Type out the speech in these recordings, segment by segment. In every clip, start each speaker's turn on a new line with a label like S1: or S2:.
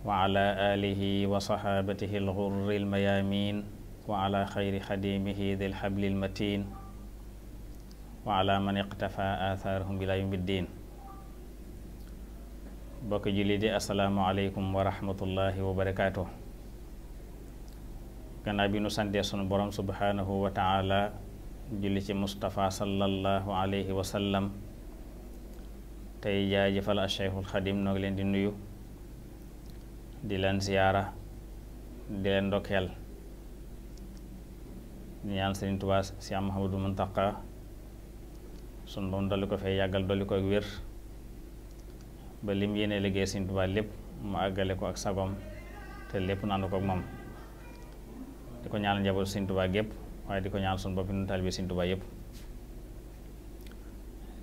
S1: wa ala alihi wa saxaabatihi alxurri almayaamin wa ala xayri xadimihi di alxabli almatin wa ala man iqtafa athaarahum ila yawmi ddin bokk julli di assalaamu aleykum wa rahmatullahi wa barakaatu gannaaw bi nu santee sunu borom subhaanahu wa taala julli ci Mustafa sallallahu alayhi wa sallam tey jaajëfal al Cheikhul Xadim noo ngi leen di nuyu di leen siyaara di leen ndokkeel di ñaan sëriñ Tuubaa si am Mahamadul Muntaqa sun boom dolli ko fee yàggal dolli ko ak wér ba lim yéene liggéey sëriñ Tuubaa lépp mu àggale ko ak sagom te lépp naanu ko ak moom di ko ñaanal njaboot sëriñ Tuubaa gépp waaye di ko ñaanal sun boppi nun taalibe sëriñ Tuubaa yépp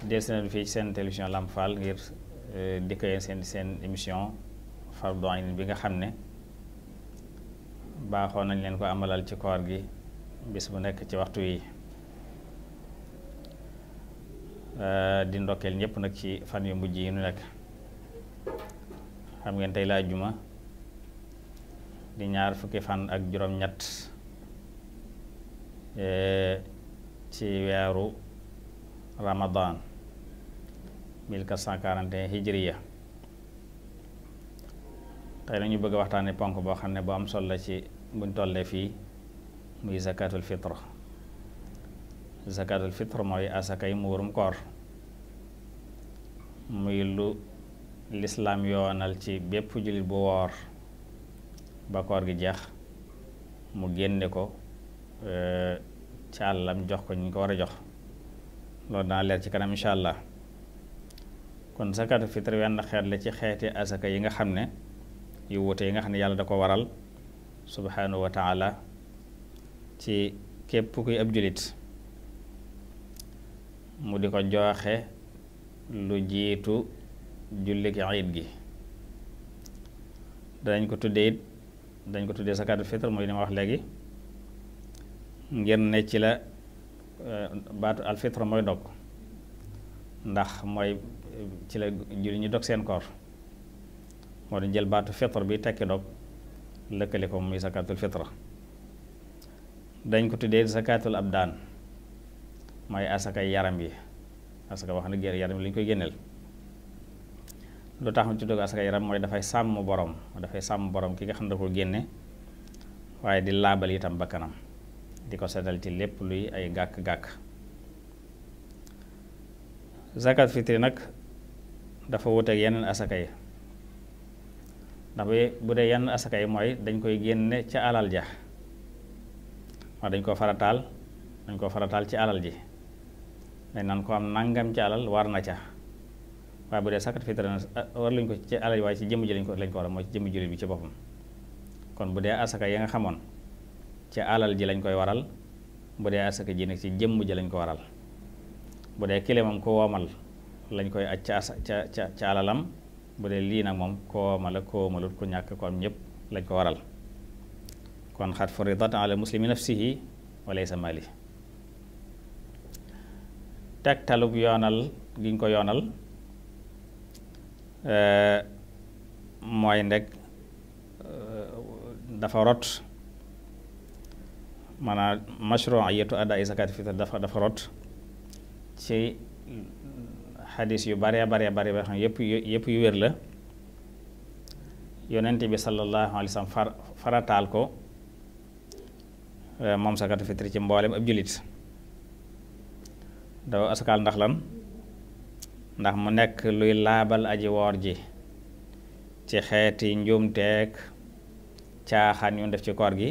S1: des na bi fii ci seen télévision Lamp Fall ngir eh, dikkee seen seen émission fardu ayn bi nga xam ne baaxoo nañ leen ko amalal ci koor gi bis bu nekk ci waxtu yi eh, di ndokkeel ñépp nag ci fan yu mujj yi nu nekk xam ngeen tey laa juma di ñaar fukki fan ak juróom-ñett eh, ci weeru ramadan 1441 hijriya tey nag ñu bëgg a ponk boo xam ne boo am solo la ci buñ tollee fii muy zakatul fitre zakatul fitre mooy mu warum koor muy lu lislaam yoonal ci bépp jullit bu woor ba koor gi jeex mu génne ko e, ci àllam jox ko ñu ko war a jox loolu dana leer ci kanam incha allah kon zakatul fitre wenn xeet la ci xeeti asaka yi nga xam ne yu wuute yi nga xam ne yàlla da ko waral subhanahu wa taala ci képp kuy ab julit mu di ko joxe lu jiitu jullik iid gi danañ ko tuddee it dañ ko tuddee zakatul fitr mooy li ma wax léegi ngir ne ci la eh, baatu al fitr mooy dog ndax mooy ci la julli ñuy dog seen koor moo di jël baatu fitre bi tekki dog lëkkale ko muy zakaatul fitra dañ ko tuddee zakaatul daan mooy asakay yaram yi asaka wax na gér yaram yi koy génneel lu tax mu tuddee ko asaka yaram mooy dafay sàmm borom dafay sàmm borom ki nga xam ne da ko génne waaye di laabal itam bakkanam di ko setal ci lépp luy ay gàkk-gàkk zakat fitri nag dafa wuteeg yeneen asaka yi ndax bu dee yenn asaka yi mooy dañ koy génne ca alal ja waaw dañ koo farataal dañ koo farataal ci alal ji dañ naan ko am nangam ci alal war na ca waaye bu dee sakat fitra eh, war lañ ko ci alal waaye ci jëmm ji lañ ko lañ ko mooy ci jëmm bi ci boppam kon bu dee asaka ya nga xamoon ci alal ji lañ koy waral bu dee asaka ji nag ci jëmm ji lañ ko waral bu dee kile moom ko woomal lañ koy aj ca ca ca alalam bu dee lii nag moom kooma la koomalut ku ñàkk ko am ñëpp lañ ko waral kon xat furidat ala muslimi nafsihi wa laysa mali tegtalub yoonal giñ ko yoonal eh, mooy ndeg eh, dafa rot maanaam mashru'iyatu adaa zakaati fitr dafa dafa rot ci xadis yu bare bare bare ba yëpp yëpp yu wér la yonent bi sallallahu alayhi farataal ko eh, moom sakatu fitri ci mboolem ab jullit daw asakaal ndax lan ndax mu nekk luy laabal aji woor ji ci xeeti njuumteeg caaxaan yu def ci koor gi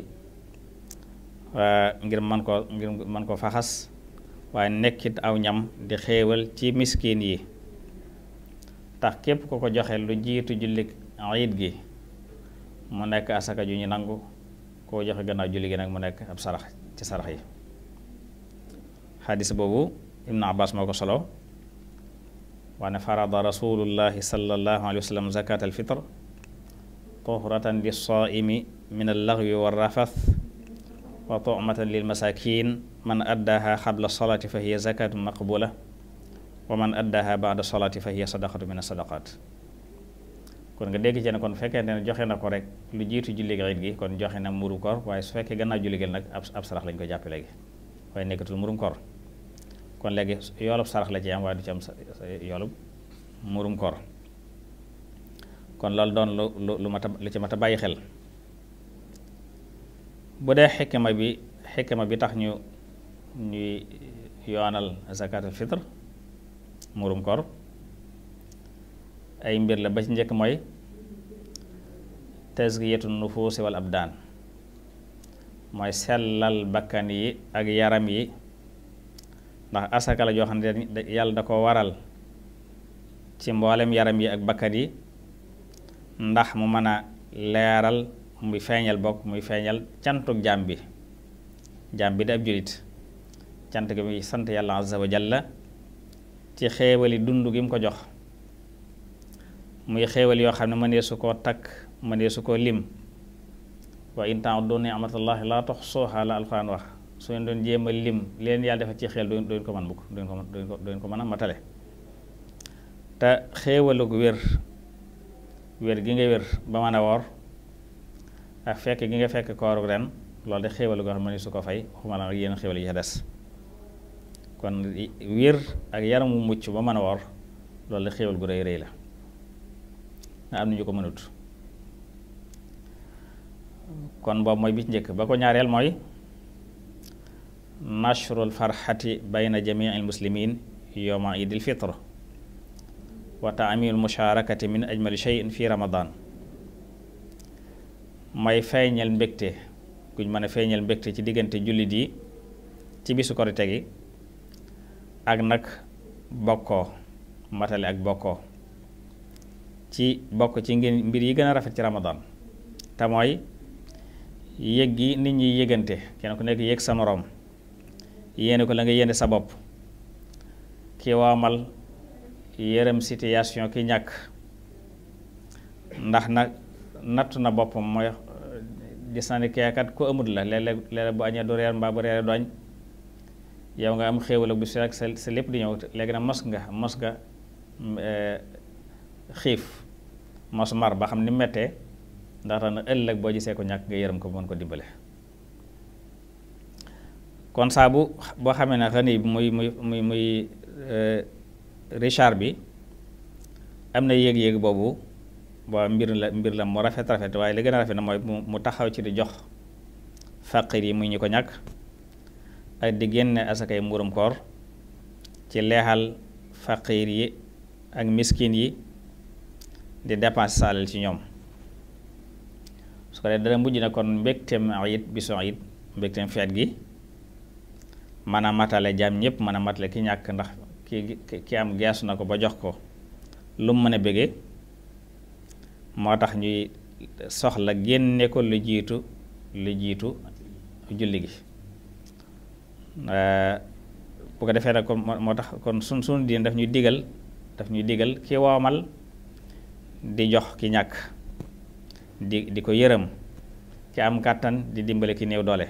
S1: eh, ngir mën ko ngir mën ko faxas waaye nekkit aw ñam di xéewal ci miskin yi tax képp ku ko joxe lu jiitu jullik iid gi mu nekk asaka ju ñu nangu koo joxe gannaaw julli gi nag mu nekk ab sarax ci sarax yi xadis boobu ibnu abbas moo ko solo wane farada rasulullahi sallallahu alayhi wa sallam zakat al fitr tuhratan lis saimi min al laghwi wa rafath wa tu'matan lil masakin man addaaha qabla salaati fa hiya zakatun maqbula wa man addaaha ba'da salaati fa hiya sadaqatu min as-sadaqat kon nga dégg ci ne kon fekkee ne joxe na ko rek lu jiitu julli iid gi kon joxe na muru koor waaye su fekkee gannaaw julli gi nag ab sarax lañ ko jàppe léegi waaye nekkatul murum koor léegi yoolub sarax la ci am waaye du ci am koor kon loolu doon lu lu lu mat a lu ci mat a bàyyi xel bu dee xikma bi xikma bi tax ñu ñuy yoonal zakatul fitr murum kor ay mbir la ba ci njëkk mooy tazkiyatu nufuusi wal abdaan mooy sellal bakkan yi ak yaram yi ndax asaka la joo xam ne yàlla da ko waral ci mboolem yaram yi ak bakkan yi ndax mu mën leeral muy feeñal bokk muy feeñal cantuk jaam bi jaam bi di ab julit cant gi muy sant yàlla azza wa jalla ci xéewali dund gi mu ko jox muy xéewal yoo xam ne mënee su koo takk mënee su koo lim wa in ta'uddu ni'matallahi la tuhsuha la alxuraan wax su ngeen doon jéem lim leen yàlla defal ci xeel doon ko man bukk doon ko doon mën a matale te xéewalug wér wér gi nga wér ba mën a woor ak fekk gi nga fekk kooru ren loolu de xéewal goo xam ne su ko fay waxuma la ak yéen xéewal yi ca des kon wér ak yaramu mucc ba mën a wor loolu de xéewal gu rëy rëy la nga am na ñu ko mënut kon boobu mooy bi njëkk ba ko ñaareel mooy nashrul farxati bayna jamiil muslimin yowma idil fitre wa taaminul musharakati min ajmali cheyin fi ramadan may feeñal mbégte guñ mën a feeñal mbégte ci diggante jullit yi ci bisu korite gi ak nag bokkoo matale ak bokkoo ci bokk ci ngeen mbir yi gën a rafet ci ramadan te mooy yëg gi nit ñi yëgante kenn ku nekk yëg sa moroom yéene ko la nga yéene sa bopp ki waamal yërëm situation ki ñàkk ndax nag natt na boppam mooy gis naa ne kiyaakat ku amut la léeg-léeg léeg bu añee du reer mbaa bu reere du añ yow nga am xéewal ak bu si ak sa lépp di ñëw léegi nag mos nga mos nga eh, xiif mos mar ba xam ni mettee ndax tax na ëllëg boo gisee ko ñàkk nga yërëm ko mën ko dimbale kon saa boo xamee ne xani bi muy muy muy muy eh, Richard bi am na yéeg-yéeg boobu waa mbir la mbir la mu rafet rafet waaye li gën a rafet na mooy mu taxaw ci di jox fàqir yi muy ñu ko ñàkk ak di génne asakay mburum koor ci leexal fàqir yi ak miskin yi di dépense saalal ci ñoom su ko dee dana mujj na kon mbégteem it bisu it mbégteem feet gi mën a matale jaam ñëpp mën a matale ki ñàkk ndax ki ki am geesu na ko ba jox ko lu mu mën a bégee moo tax ñuy soxla génne ko lu jiitu lu jiitu julli gi euh, bu ko defee nag kon moo tax kon sun sun diin daf ñuy digal daf ñuy digal ki woomal di jox ki ñàkk di di ko yërëm ki am kàttan di dimbali ki néew doole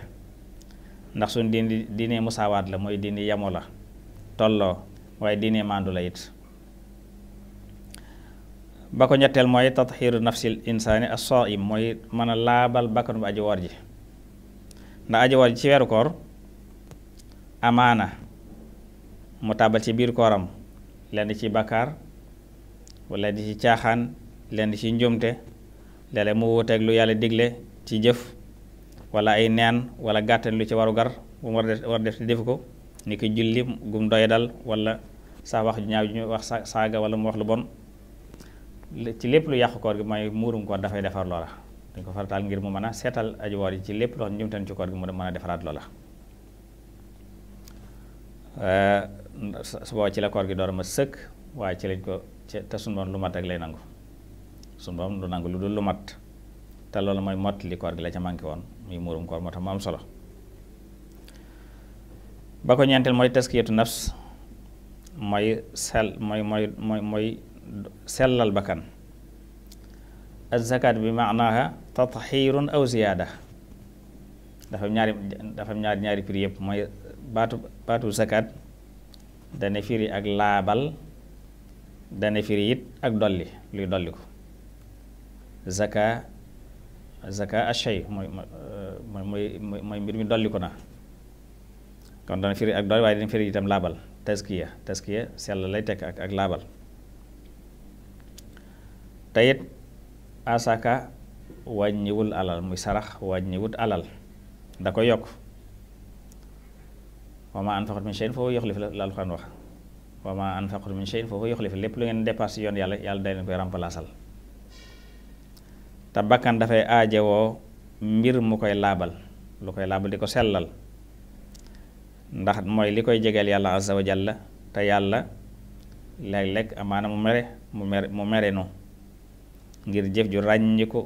S1: ndax sun diin diine musaawaat la mooy di yamu la tolloo waaye diine maandu la it ba ko ñetteel mooy tatxiiru nafsil insaani as-saa'im mooy mën a laabal bakkan bu aji woor ji ndax aji woor ji ci weeru koor amaana mu tàbbal ci biir kooram lenn ci bakkaar wala di ci caaxaan lenn ci njuumte léeg-léeg mu wuuteeg lu yàlla digle ci jëf walla ay neen wala gàttan lu ci waru gar bu mu war def te def ko ni ki julli gum doy dal wala sa wax ju ñaaw ju wax saaga wala mu wax lu bon ci lépp lu yàqu koor gi mooy muurum koor dafay defar loola dañ ko farataal ngir mu mën a seetal aji yi ci lépp loo njumtan ci koor gi mu mën a defaraat loola su ci la gi door ma sëkk waaye ci lañ ko te sunu borom lu mat rek lay nangu sunu borom lu nangu lu dul lu te loolu mooy mott li koor gi la ca manqué woon muy muurum koor moo tax mu am solo ba ko ñeenteel mooy taskiyatu nafs mooy sel mooy mooy mooy mooy sellal bakkan ak zakat bi maanaaha tatxiirun aw ziyaada dafa ñaari ñaari ñaari prix yëpp mooy baatu baatu zakat dana firi ak laabal dana firi it ak dolli luy dolli ko zaka zaka ashay mooy mooy mooy mbir mi dolli ko na kon dana firi ak dolli waaye dana firi itam laabal taskiya taskiya sell lay tekk ak ak laabal teyit asaka wàññiwul alal muy sarax wàññiwut alal da ko yokk wa ma anfaqtum min shay'in fa huwa yukhlifu la alxuraan wax wa ma anfaqtum min shay'in fa huwa lépp lu ngeen dépassé yoon yàlla yàlla day leen koy remplacer te bakkan dafay aajewoo mbir mu koy laabal lu koy laabal di ko sellal ndax mooy li koy jegeel yàlla azza wa jalla te yàlla léeg-léeg amaana mu mere mu mere mu mere no ngir jëf ju ràññiku ko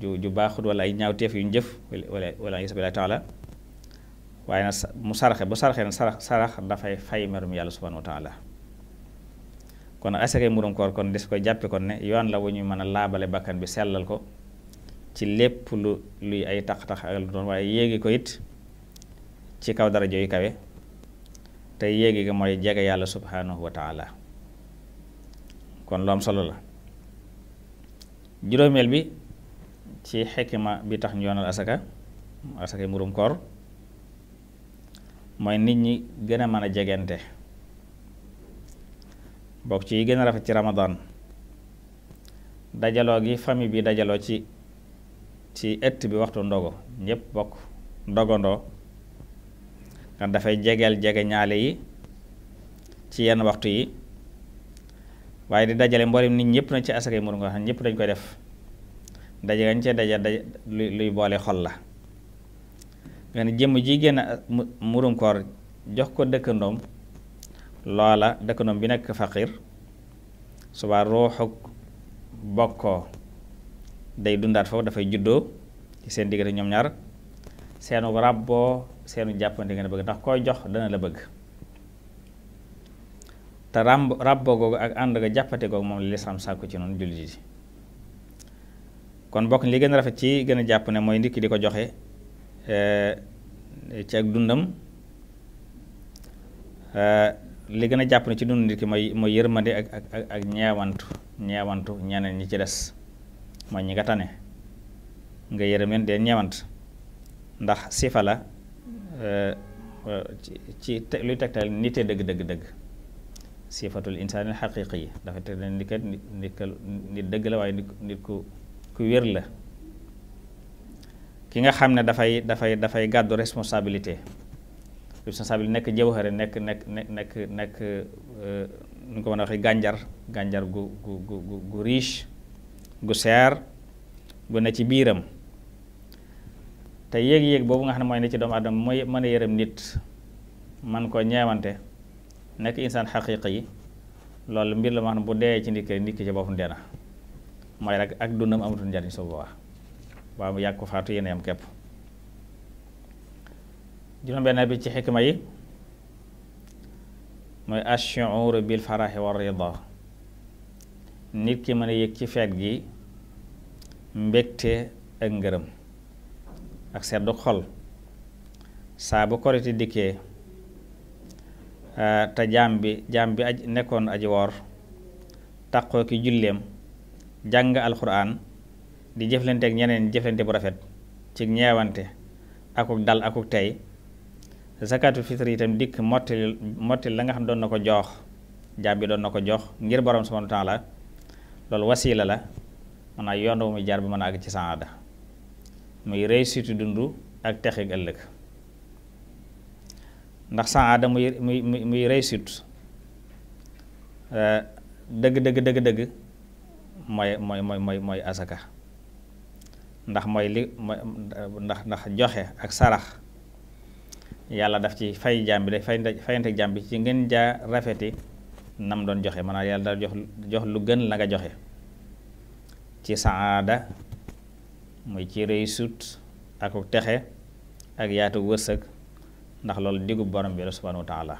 S1: ju baaxut wala ay ñaawteef yu ñu jëf wala wala ay sabilaay taala waaye sa mu saraxe bu saraxee nag sarax sarax dafay fay merum yàlla subhanahu wa kon asakay murum koor kon des koy jàppe ne yoon la wu ñu mën a laabale bakkan bi sellal ko ci lépp lu luy ay tax ko it ci kaw darajo yu kawe te yéegi ga yàlla subhanahu kon lu solo la juróomeel bi ci xikma bi tax ñu yoonal asaka asaka mburum koor mooy nit ñi gën a mën a jegante bokk ci yi gën a rafet ci ramadan dajaloo gi famille bi dajaloo ci ci ëtt bi waxtu ndogo ñëpp bokk ndogandoo nga dafay jegal jege ñaale yi ci yenn waxtu yi waaye di dajale mboolem nit ñëpp nañ ci asakay mburum nga xam ñëpp dañ koy def daje gañ cee daje daje luy boole xol la nga ne jëmm ji génn mburum koor jox ko dëkkandoom loola dëkkandoom bi nekk faqir suba ruuxuk bokkoo day dundaat foofu dafay juddoo ci seen diggante ñoom ñaar seenu ràbboo seenu jàppante nga ne bëgg ndax koy jox dana la bëgg te ràmb ràbboo googu ak ànd ga jàppate googu moom la lislaam ci noonu jullit yi kon bokk li gën a rafet ci gën a jàpp ne mooy ndikki di ko joxe eh, ci ak dundam eh, li gën a jàpp ne ci dund nit ki mooy mooy yërmande ak ak ak ñeewantu ñeewantu ñeneen ñi ci des mooy ñi nga tane nga yërëm leen dee ñeewant ndax sifa la eh, ci ci luy tegtal nite dëgg dëgg dëgg sifatul insaanil xaqiqiya dafa teg ne ni kat nit dëgg la waaye nit ku ku wér la ki nga xam ne dafay dafay dafay gàddu responsabilité responsabilité nekk jawhara nekk nekk nekk nekk euh, nu ñu ko mën a waxee gànjar gànjar gu gu gu gu riche gu seer gu ne ci biiram te yéeg yéeg boobu nga xam ne mooy ne ci doomu aadama mooy mën a yërëm nit man ko ñeewante nekk insaan xaqiiqa yi loolu mbir la ma xam bu dee ci nit ki nit ki ci boppam dee na mooy rek ak dundam amatul njariñ su boobaa waaw mu yàgg ko faatu yéen yam képp juróom-benn bi ci xikma yi mooy ashuur bil faraxi war rida nit ki mën a yëg ci feet gi mbégte ak ngërëm ak seddu xol saa bu korite dikkee Eh, te jaam bi jaam bi aj nekkoon aji woor taqoo ki julleem jàng alxuraan di jëflante ak ñeneen jëflante bu rafet ci ñeewante akuk dal akuk tey zakatu fitre itam dikk mottali mottali la nga xam doon na ko jox jaam bi doon na ko jox ngir borom subhanahu wa taala loolu wasiila la maanaam yoon wu muy jaar bi mën a àgg ci saada muy réussite dund ak texeeg ëllëg ndax saada muy muy muy réussite euh, dëgg dëgg dëgg dëgg mooy mooy mooy mooy asaka ndax mooy li ndax ndax joxe ak sarax yàlla daf ci fay jaam bi day fay fayante jàmbi ci ngeen jaa rafeti nam doon joxe maanaam yàlla daal jox lu gën la nga joxe ci saada mooy ci réussite ak texe ak yaatu wërsëg ndax loolu digub borom bi la subhanahu wa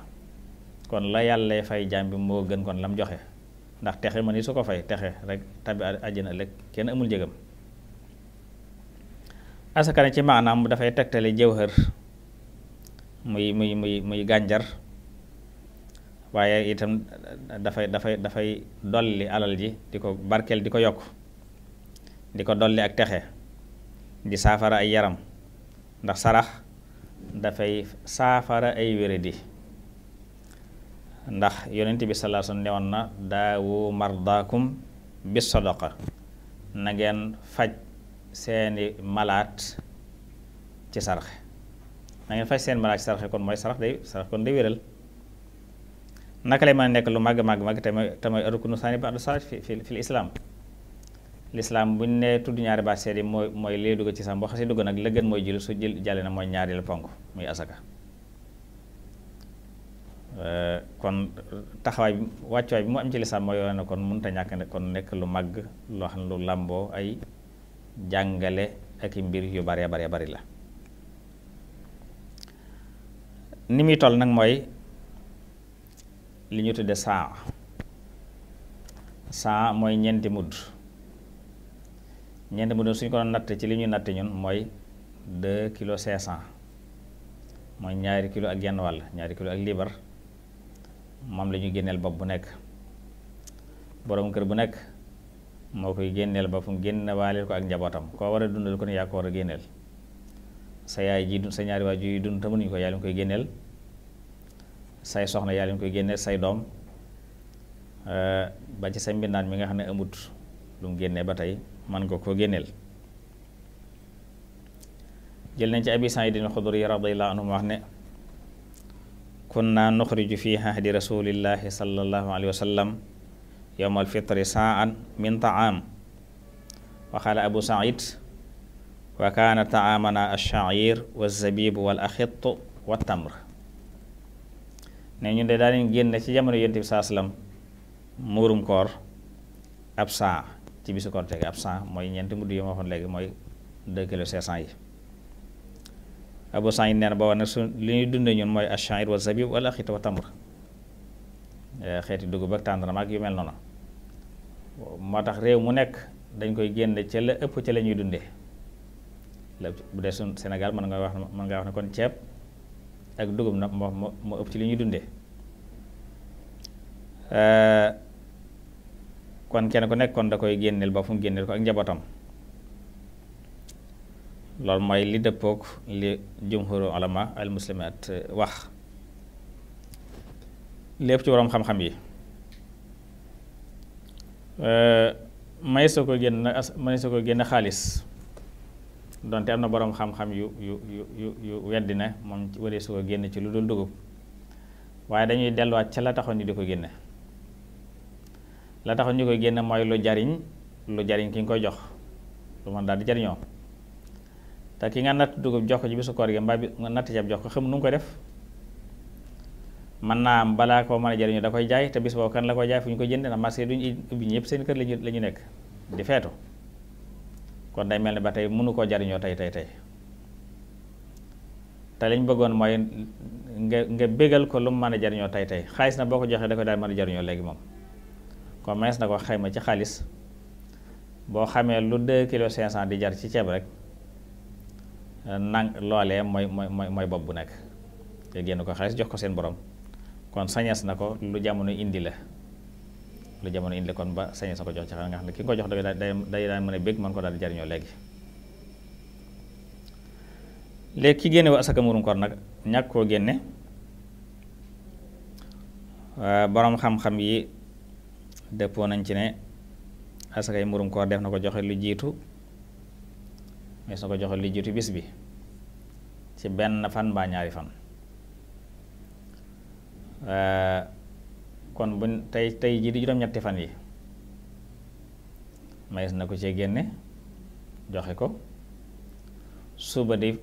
S1: kon la yàlla fay jaam bi moo gën kon la mu joxe ndax texe ma ni su ko fay texe rek tabi àjjana ëllëg kenn amul njëgam asaka ne ci maanaam dafay tegtale jëwhër muy muy muy muy gànjar waaye itam dafay dafay dafay dolli alal ji di ko barkeel di ko yokk di ko dolli ak texe di saafara ay yaram ndax sarax dafay saafara ay wéradi ndax yonent bi sallallahu alayhi na daawu mardaakum bi sadaqa na ngeen faj seeni malaat ci sarax na ngeen faj seen malaat ci sarax kon mooy sarax day sarax kon day wéral naka lay mën a nekk lu màgg màgg màgg te mooy te mooy nu saani ba du salaat fi fi fi islaam lislaam bu ñu nee tudd ñaari baat seede yi mooy mooy lee dugg ci sam boo xasee dugg nag la gën mooy jël su jël jàlle na mooy ñaari la ponk euh, kon taxawaay bi wàccuwaay bi mu kon mënut ñàkk ne kon nekk lu màgg loo xam ne ay jàngale ak mbir yu bare bare bari la ni muy toll nag mooy li ñu tudde saa saa mooy ñeenti mudd ñeent mu doon suñ ko natt ci li ñuy natt ñun mooy de kilo cinq cent mooy ñaari kilo ak genn wàll ñaari kilo ak liibar moom la ñuy génneel bopp bu nekk borom kër bu nekk moo koy génneel boppam génne waaleel ko ak njabootam koo war a dundal ko ne yaa ko war a génneel sa yaay ji dund sa ñaari waajur yi dund te mënuñu ko yaa leen koy génneel say soxna yaa leen koy génneel say doom ba ci sa mbindaan mi nga xam ne amut lu mu génnee ba tey man nga ko génneel jël nañ ci abi saidin xuduri radiallahu anhu wax ne kunna nuxriju fi ahdi rasulillahi sallallahu alayhi wa sallam yowma alfitri min taam wa qala abu said wa kaana taamana alshair walzabib wal axittu wa tamr ne ñun de daa nañ génn ci jamono yonent bi saa sallam muurum koor ab saa ci bisu korite gi ab 100 mooy ñeenti mudd yi ma waxoon léegi mooy 2 kilos 500 yi Abu Saïd nee na ba wax ne su li ñuy dundee ñun mooy ash-sha'ir wa zabib wal axit wa tamr eh, xeeti dugub ak tàndarma ak yu mel noonu moo tax réew mu nekk dañ koy génn ca la ëpp ca la ñuy dundee la bu dee suñ senegal mën nga wax mën nga wax ne kon ceeb ak dugub nag moo moo ëpp ci li ñuy dundee. Eh, kon kenn ku nekk kon da koy génneel ba fu mu génneel ko ak njabootam loolu mooy li dëppook li jumhuru ulama al muslimat wax lépp ci boroom xam-xam yi may soo ko génn may génn xaalis donte am na boroom xam-xam yu yu yu yu weddi na moom waree su ko génn ci lu dul dugub waaye dañuy delluwaat ca la taxoon yi di ko génne la tax ñu koy génn mooy lu jariñ lu jariñ ki nga koy jox lu mën daal di jariñoo te ki nga natt dugub jox ko ci bisu koor gi mbaa bi nga natt ceeb jox ko xam nu mu koy def mën naa balaa koo mën a jariñoo da koy jaay te bis kan la koy jaay fu ko jëndee ndax marché duñu ubbi ñëpp seen kër lañu la ñu nekk di feetu kon day mel ni ba tey mënu koo jariñoo tey tey tey te liñ bëggoon mooy nga nga bégal ko lu mu mën a jariñoo tey tey xaalis na boo ko joxee da koy daal mën a jariñoo léegi moom kon mees na ko ma ci xaalis boo xamee lu 2 kilo 500 di jar ci ceeb rek nang loolee mooy mooy mooy bopp bu nekk te génn ko xaalis jox ko seen borom kon sañees na ko lu jamono indi la lu jamono indi la kon ba sañees na ko jox ci xaalis nga xam ne ki nga ko jox da day day daan mën a bég mën ko daal di jariñoo léegi léegi ki génne wa asaka murum koor nag ñàkk koo génne ah, boroom xam-xam yi dëppoo nañ ci ne asakay mburum koor def na ko joxe lu jiitu mees na ko joxe lu jiitu bis bi ci benn fan mbaa ñaari fan kon buñ tey tey jii di juróom-ñetti fan yi mees na ko cee génne joxe ko suba di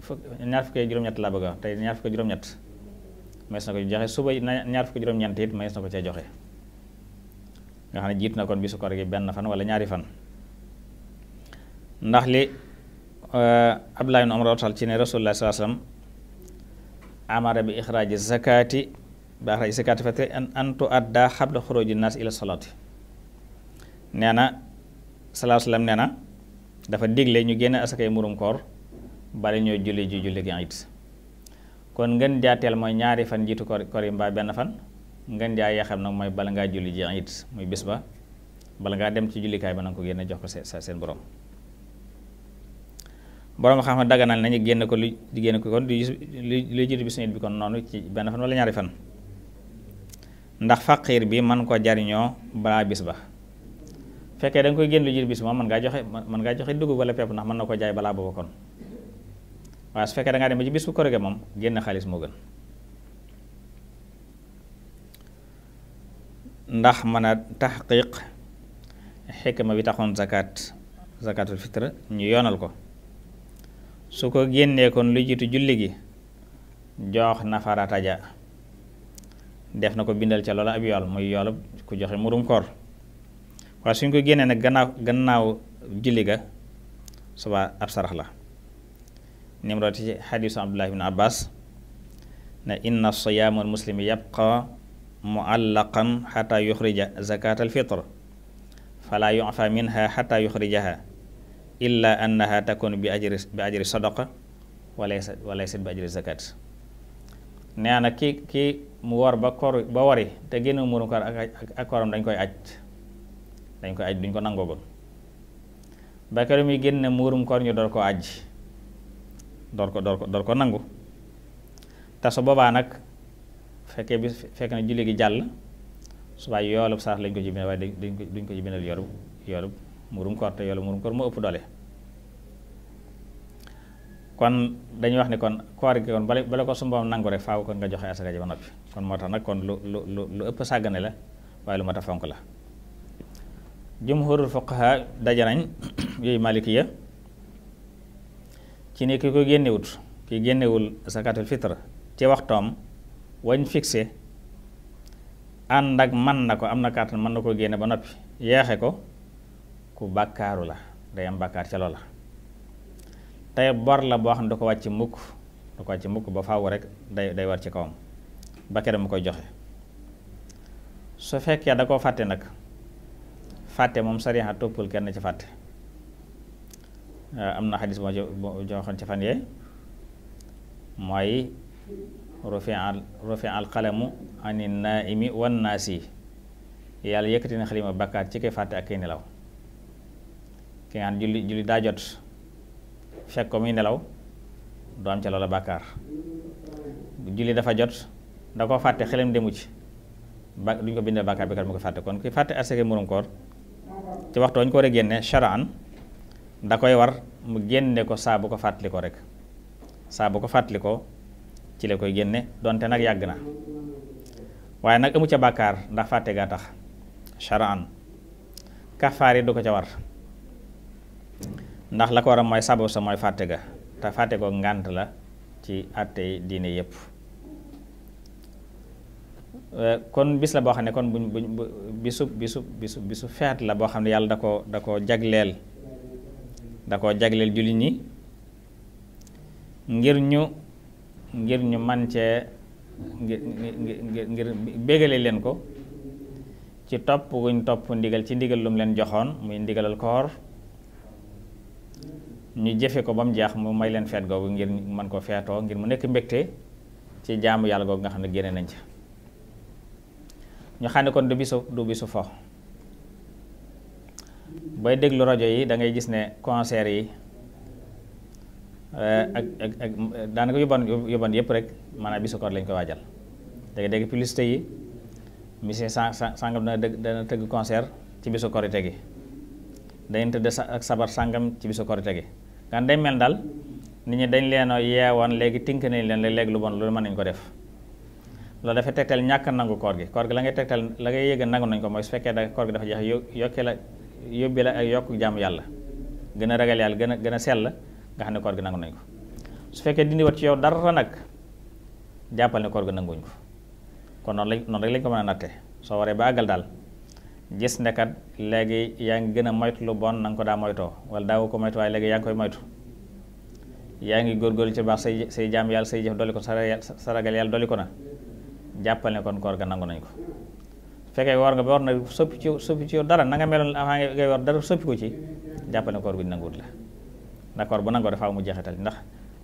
S1: fukk ñaar fukki juróom-ñett laa bëgg tey ñaar fukki juróom-ñett mees na ko joxe suba ñaar fukki juróom-ñeent it mees na ko cee joxe nga xam ne jiitu na kon bisu koor gi benn fan wala ñaari fan ndax li euh, Abdullah ibn Umar rotal ci ne rasulullah sallallahu alayhi wasallam amara bi ixraaji zakati bi ixraaji zakati fati an tu adda xabla xuruji nas ila salati nee na sallallahu alayhi wasallam nee na dafa digle ñu génne asakay murum koor bala ñoo julli ji julli gi kon ngeen jaateel mooy ñaari fan jiitu koor koor yi mbaa benn fan ngeen jaay yaxam nag mooy bala ngaa julli ji it muy bis ba bala ngaa dem ci jullikaay ba na ko génne jox ko seen seen borom borom xam ne daganal nañu génn ko lu génn ko kon luy jiitu bisu nit bi kon noonu ci benn fan wala ñaari fan ndax faqiir bi man jariñoo balaa bis ba fekkee da nga koy génn lu jiitu bis moom mën ngaa joxe mën ngaa joxe dugub wala pepp ndax mën na ko jaay balaa booba kon waaye su fekkee da dem ba ci bis bu korige moom génn xaalis moo gën ndax mën a taxqiq xikma bi taxoon zakat fitre ñu yoonal ko su ko génnee kon lu jiitu julli gi jox na ja def na ko bindal ca loola ab yool muy yoolab ku joxe murum koor waaye suñ ko génnee nag gannaaw gannaaw julli ga suba ab sarax la nimrooti ci xadiisu abdullahi bin abbas na inna siyaamul muslimi yabqa muallaqan xataa yuxrija zakaat alfitre falaa yufa minha xataa yuxrijaha illa annaha takun bi ajri bi ajri sadaqa walaysa walaysat bi ajri zakat nee na ki ki mu war ba kor ba wari te génn muurum koor ak dañ koy aj dañ koy aj duñ ko nangoogul ba kër muy génn muurum koor ñu door ko aj door ko door ko nangu te boobaa nag fekkee bi fekk na julli gi jàll subaa yoolub sarax lañ ko ci bindal waaye duñ ko duñ ko ci bindal yorub yorub murum koor te yoolub murum koor moo ëpp doole kon dañuy wax ne kon koor gi kon bala bala ko sumboom nangu rek faw kon nga joxe asaka ji ba noppi kon moo tax nag kon lu lu ëpp sàggane la waaye lu mat a fonk la jumhurul fuqaha daje nañ yooyu malikiya ci ne ki ko génnewut ki génnewul zakatul fitre ci toom wañ fixé ànd ak man na ko am na kàttan mën na ko génne ba noppi yeexe ko ku bàkkaaru la day am bàkkaar ca loola tey bor la boo xam ne du ko wàcc mukk du ko wàcc mukk ba faaw rek day day war ci kawam ba kere mu koy joxe su fekkee da koo fàtte nag fàtte moom sariya toppul kenn ci fàtte am na xadis boo joxoon ci fan yee mooy rufia rufia al qalamu ani naaimi wan naasi yàlla yëkkati na xalima bàkkaat ci koy fàtte ak kay nelaw ki nga xam julli julli daa jot fekk ko muy nelaw du am ca loola bàkkaar julli dafa jot da ko fàtte xelam demu ci ba duñ ko bindee bàkkaar bi kat mu ko fàtte kon ki fàtte asaka murum koor ci waxtu wañ ko war a génne sharaan da koy war mu génne ko saa ko fàttali ko rek saa ko fàttali ko ci la koy génne donte nag yàgg na waaye nag amu ca bàkkaar ndax fàtte gaa tax charan kafaar yi du ko ca war ndax la ko war a mooy sabab sa mooy fàtte ga te fàtte ko ngànt la ci àttey diine yépp euh, kon bis la boo xam ne kon buñ buñ bisu bisu bisu feet la boo xam ne yàlla da ko da ko jagleel da ko jagleel jullit ñi ngir ñu ngir ñu man cee ngir ngir ngir bégale leen ko ci topp guñ topp ndigal ci ndigal lum leen joxoon muy ndigalal koor ñu jëfe ko ba mu jaax mu may leen feet googu ngir mën ko feetoo ngir mu nekk mbégte ci jaamu yàlla googu nga xam ne génne nañ ca ñu xam ne kon du bisu du fo booy déglu rajo yi da ngay gis ne concert yi Eh, ak ak ak daanaka yóbbaan yóbbaan yëpp rek maanaam bisu koor lañ koy waajal dégg-dégg publicité yi monsieur sangam dana dëgg dana tëgg concert ci bisu korite gi dañu tëdd ak sabar sangam ci bisu korite gi kan day mel daal nit ñi dañ leen a yeewoon léegi tënk nañ leen léegi lu bon loolu mën nañ ko def loolu dafay tegtal ñàkk nangu koor gi koor gi la ngay tegtal la ngay yëg nangu nañ ko mooy su fekkee da koor gi dafa jeex yokkee la yóbbi la ak yokk jàmm yàlla gën a ragal yàlla gën gën a sell nga xam ne koor gi nangu nañ ko su fekkee dindi wat ci yow dara nag jàppal ne koor gi nanguñ ko kon noonu lañ noonu soo waree ba daal gis ne kat léegi yaa ngi gën a moytu bon na ko daa moytoo wala daawu ko moytu waaye léegi yaa ngi yaa ngi góorgóorlu ci baax say say jaam yàlla say jëf dolli ko sa ragal yàlla ko na jàppal kon koor ga nangu nañ ko fekkee nga ba war na soppi ci ci dara na nga meloon avant ngay woor dara ko ci jàppal ne koor gi nanguwut la d'accord bu nangoo dafa mu jeexital ndax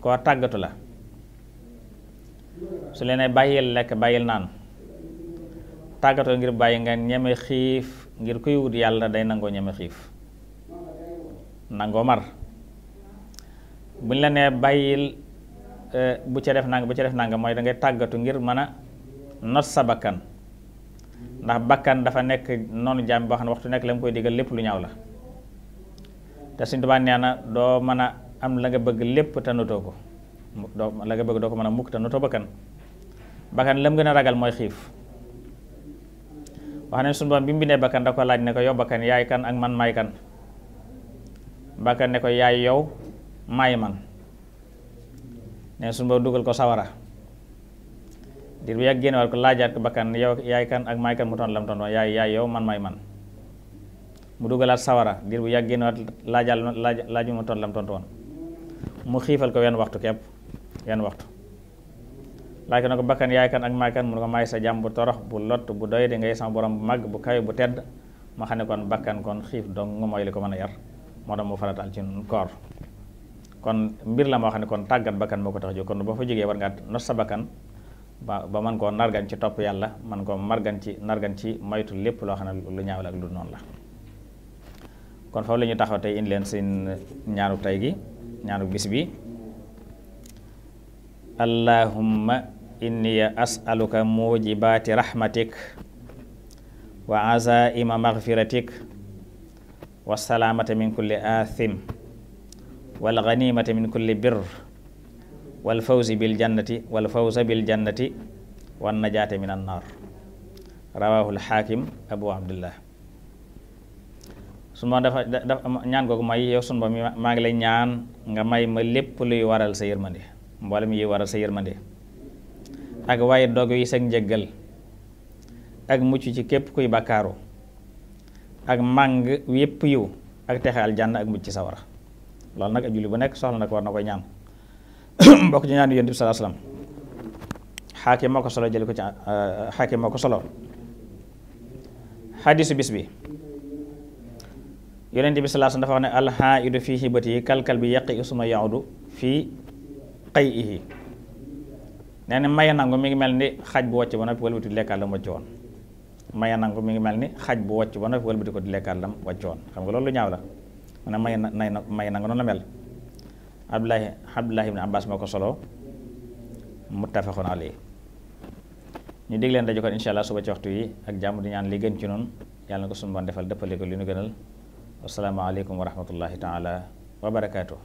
S1: koo tàggatu la su leen ay bàyyil lekk bàyyil naan tàggatoo ngir bàyyi nga ñeme xiif ngir kuy wut yàlla day nangoo ñeme xiif nangoo mar bu ñu la nee bàyyil eh, bu ca def nang bu ca def nang mooy da ngay tàggatu ngir mën a not sa bakkan ndax bakkan dafa nekk noonu jaam boo xam ne waxtu nekk la mu koy digal lépp lu ñaaw la te Sëñ Tuubaa na doo mën a am la nga bëgg lépp te notoo ko doo la nga bëgg doo ko mën a mukk te notoo bakkan bakkan lam gën a ragal mooy xiif wax ne bi mu bindee ko laaj ne ko yow bakkan yaay ak man maay kan ne ko yaay yow maay man ne sunu dugal ko sawara dir bu yàgg génnewaat ko laajaat bakkan yow yaay kan ak maay kan mu ton lam ton yaay yaay yow man may man mu dugalaat sawara ngir bu yàggee na laajal laaju ma tontu lam tontu woon mu xiifal ko wenn waxtu képp wenn waxtu laaj ko ne ko bakkan yaay kan ak maay kan mu ne ko maay sa jàmm bu torox bu lot bu doy di ngay sama borom bu mag bu kawe bu tedd ma xam ne kon bakkan kon xiif dong nga mooy li ko mën a yar moo tax mu farataal ci koor kon mbir la moo xam ne kon tàggat bakkan moo ko tax jóg kon boo fa jógee war ngaa nos sa bakkan ba ba mën koo nargan ci topp yàlla man koo margan ci nargan ci moytu lépp loo xam ne lu ñaaw lu noonu la kon foofu la taxaw tey indi leen seen ñaanu tey gi ñaanu bis bi allahumma inni as'aluka mujibaati rahmatik wa azaima maghfiratik wa salaamata min kulli aathim wal ghanimata min kulli birr wal fawzi bil jannati wal fawza min an naar rawahu abu abdullah suma borom dafa dafa ñaan googu may yow sunu maa ngi lay ñaan nga may ma lépp luy waral sa yërmande mboolem yi waral sa yërmande ak waaye dog yi sag njëggal ak mucc ci képp kuy bàkkaaru ak màng yépp yiw ak texe aljanna ak mucc ci sawara loolu nag ab julli bu nekk soxla na ko war na koy ñaan bokk ci ñaan yonent bi sallallahu alayhi wasallam xaakim moo ko solo jël ko ci euh, xaakim moo ko solo xadiisu bis bi yonent bi sallallahu alayhi wasallam dafa wax ne alxaidu fii xibati yi kalkal bi yàqi usuma yaudu fii xëy ihi nee na maya nangu mi ngi mel ni xaj bu wàcc ba noppi wëlbati di lekkaat lam wàcc woon nangu mi ngi mel ni xaj bu wàcc ba noppi wëlbati ko di lekkaat lam wàcc xam nga loolu lu ñaaw la mu may na maya nangu noonu la mel abdullahi abdullahi ibn abbas moo ko solo muttafaqun alayhi ñu dégg leen ko insha allah suba ci waxtu yi ak jàmm di ñaan li gën ci noonu yàlla na ko sunu bon defal dëppale ko li nu gënal wassalaamu aleykum wa rahmatullahi taala wa barakaatu